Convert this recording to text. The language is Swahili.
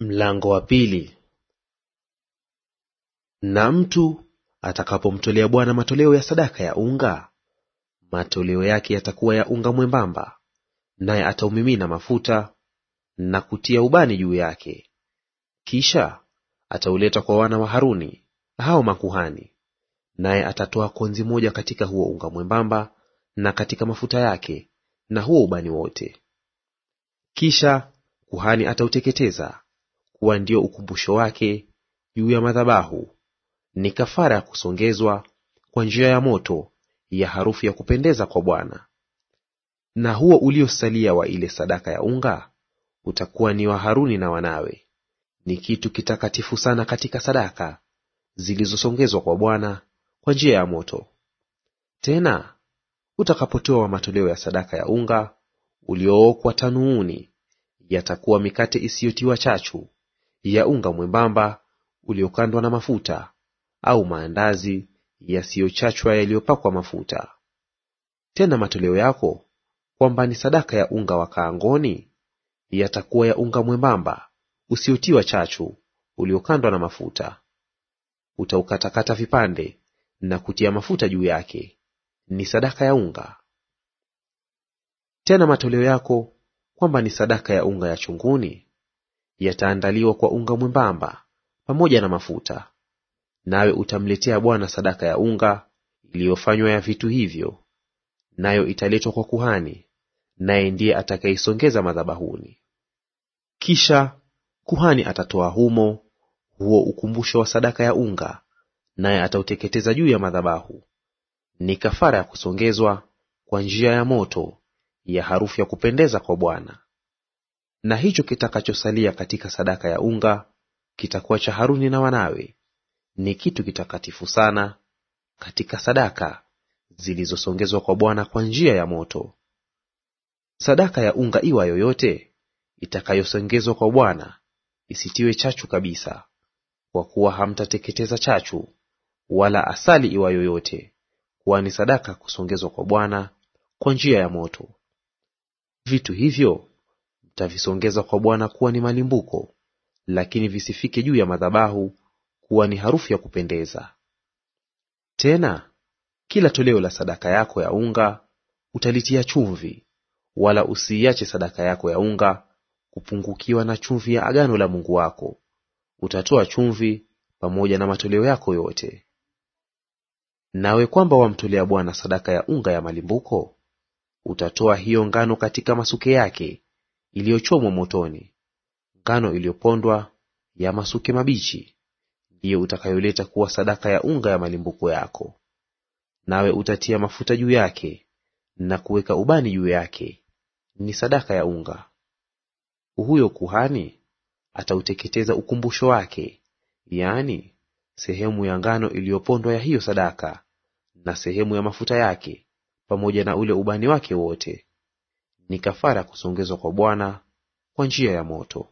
Mlango wa pili. Na mtu atakapomtolea Bwana matoleo ya sadaka ya unga, matoleo yake yatakuwa ya unga mwembamba, naye ataumimina mafuta na kutia ubani juu yake. Kisha atauleta kwa wana wa Haruni, hao makuhani, naye atatoa konzi moja katika huo unga mwembamba na katika mafuta yake na huo ubani wote. Kisha kuhani atauteketeza kuwa ndio ukumbusho wake juu ya madhabahu; ni kafara ya kusongezwa kwa njia ya moto ya harufu ya kupendeza kwa Bwana. Na huo uliosalia wa ile sadaka ya unga utakuwa ni wa Haruni na wanawe; ni kitu kitakatifu sana katika sadaka zilizosongezwa kwa Bwana kwa njia ya moto. Tena utakapotoa wa matoleo ya sadaka ya unga uliookwa tanuuni, yatakuwa mikate isiyotiwa chachu ya unga mwembamba uliokandwa na mafuta, au maandazi yasiyochachwa yaliyopakwa mafuta. Tena matoleo yako kwamba ni sadaka ya unga wa kaangoni yatakuwa ya unga mwembamba usiotiwa chachu uliokandwa na mafuta. Utaukatakata vipande na kutia mafuta juu yake; ni sadaka ya unga. Tena matoleo yako kwamba ni sadaka ya unga ya chunguni yataandaliwa kwa unga mwembamba pamoja na mafuta, nawe utamletea Bwana sadaka ya unga iliyofanywa ya vitu hivyo, nayo italetwa kwa kuhani, naye ndiye atakayeisongeza madhabahuni. Kisha kuhani atatoa humo huo ukumbusho wa sadaka ya unga, naye atauteketeza juu ya madhabahu; ni kafara ya kusongezwa kwa njia ya moto ya harufu ya kupendeza kwa Bwana na hicho kitakachosalia katika sadaka ya unga kitakuwa cha Haruni na wanawe; ni kitu kitakatifu sana katika sadaka zilizosongezwa kwa Bwana kwa njia ya moto. Sadaka ya unga iwa yoyote itakayosongezwa kwa Bwana isitiwe chachu kabisa, kwa kuwa hamtateketeza chachu wala asali iwa yoyote, ni sadaka kusongezwa kwa Bwana kwa njia ya moto. Vitu hivyo tavisongeza kwa Bwana kuwa ni malimbuko, lakini visifike juu ya madhabahu kuwa ni harufu ya kupendeza. Tena kila toleo la sadaka yako ya unga utalitia chumvi, wala usiiache sadaka yako ya unga kupungukiwa na chumvi ya agano la Mungu wako. Utatoa chumvi pamoja na matoleo yako yote. Nawe kwamba wamtolea Bwana sadaka ya unga ya malimbuko, utatoa hiyo ngano katika masuke yake iliyochomwa motoni, ngano iliyopondwa ya masuke mabichi, ndiyo utakayoleta kuwa sadaka ya unga ya malimbuko yako. Nawe utatia mafuta juu yake na kuweka ubani juu yake; ni sadaka ya unga. Huyo kuhani atauteketeza ukumbusho wake, yaani sehemu ya ngano iliyopondwa ya hiyo sadaka, na sehemu ya mafuta yake, pamoja na ule ubani wake wote ni kafara ya kusongezwa kwa Bwana kwa njia ya moto.